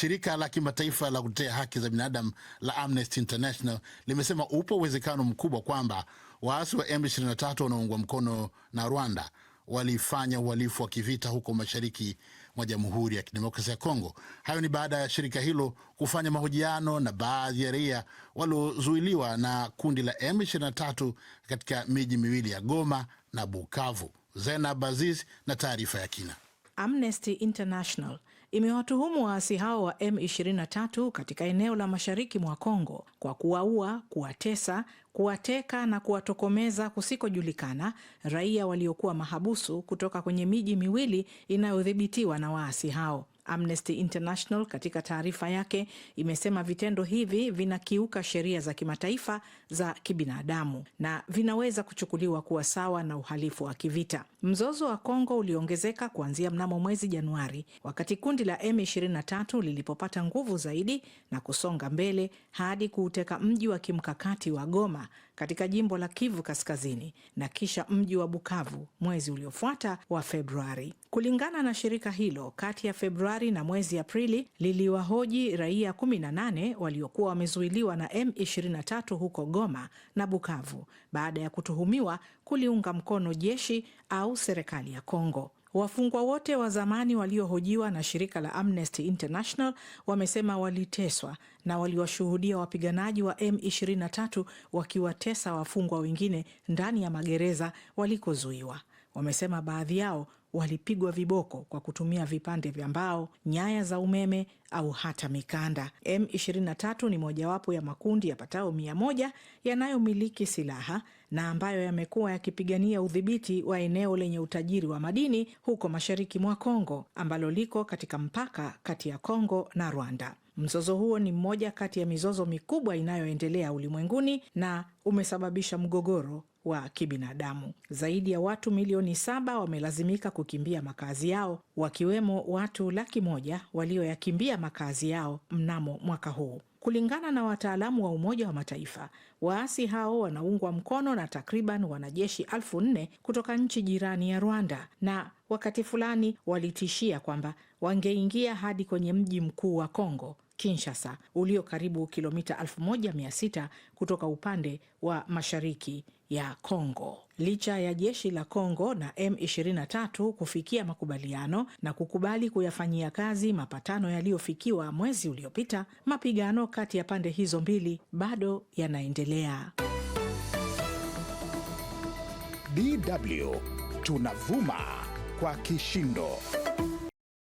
Shirika la kimataifa la kutetea haki za binadamu la Amnesty International limesema upo uwezekano mkubwa kwamba waasi wa M23 wanaoungwa mkono na Rwanda walifanya uhalifu wa kivita huko mashariki mwa Jamhuri ya Kidemokrasia ya Kongo. Hayo ni baada ya shirika hilo kufanya mahojiano na baadhi ya raia waliozuiliwa na kundi la M23 katika miji miwili ya Goma na Bukavu. Zenab Aziz na taarifa ya kina. Amnesty International imewatuhumu waasi hao wa M23 katika eneo la mashariki mwa Kongo kwa kuwaua, kuwatesa, kuwateka na kuwatokomeza kusikojulikana raia waliokuwa mahabusu kutoka kwenye miji miwili inayodhibitiwa na waasi hao. Amnesty International katika taarifa yake imesema vitendo hivi vinakiuka sheria za kimataifa za kibinadamu na vinaweza kuchukuliwa kuwa sawa na uhalifu wa kivita. Mzozo wa Kongo uliongezeka kuanzia mnamo mwezi Januari, wakati kundi la M23 lilipopata nguvu zaidi na kusonga mbele hadi kuuteka mji wa kimkakati wa Goma katika jimbo la Kivu Kaskazini na kisha mji wa Bukavu mwezi uliofuata wa Februari. Kulingana na shirika hilo, kati ya Februari na mwezi Aprili liliwahoji raia 18 waliokuwa wamezuiliwa na M23 huko Goma na Bukavu baada ya kutuhumiwa kuliunga mkono jeshi au serikali ya Kongo. Wafungwa wote wa zamani waliohojiwa na shirika la Amnesty International wamesema waliteswa na waliwashuhudia wapiganaji wa M23 wakiwatesa wafungwa wengine ndani ya magereza walikozuiwa. Wamesema baadhi yao walipigwa viboko kwa kutumia vipande vya mbao, nyaya za umeme au hata mikanda. M23 ni mojawapo ya makundi yapatao mia moja yanayomiliki silaha na ambayo yamekuwa yakipigania udhibiti wa eneo lenye utajiri wa madini huko mashariki mwa Kongo ambalo liko katika mpaka kati ya Kongo na Rwanda. Mzozo huo ni mmoja kati ya mizozo mikubwa inayoendelea ulimwenguni na umesababisha mgogoro wa kibinadamu. Zaidi ya watu milioni saba wamelazimika kukimbia makazi yao, wakiwemo watu laki moja walioyakimbia makazi yao mnamo mwaka huu. Kulingana na wataalamu wa Umoja wa Mataifa, waasi hao wanaungwa mkono na takriban wanajeshi elfu nne kutoka nchi jirani ya Rwanda na wakati fulani walitishia kwamba wangeingia hadi kwenye mji mkuu wa Kongo, Kinshasa, ulio karibu kilomita 1600 kutoka upande wa mashariki ya Kongo. Licha ya jeshi la Kongo na M23 kufikia makubaliano na kukubali kuyafanyia kazi mapatano yaliyofikiwa mwezi uliopita, mapigano kati ya pande hizo mbili bado yanaendelea. DW tunavuma kwa kishindo.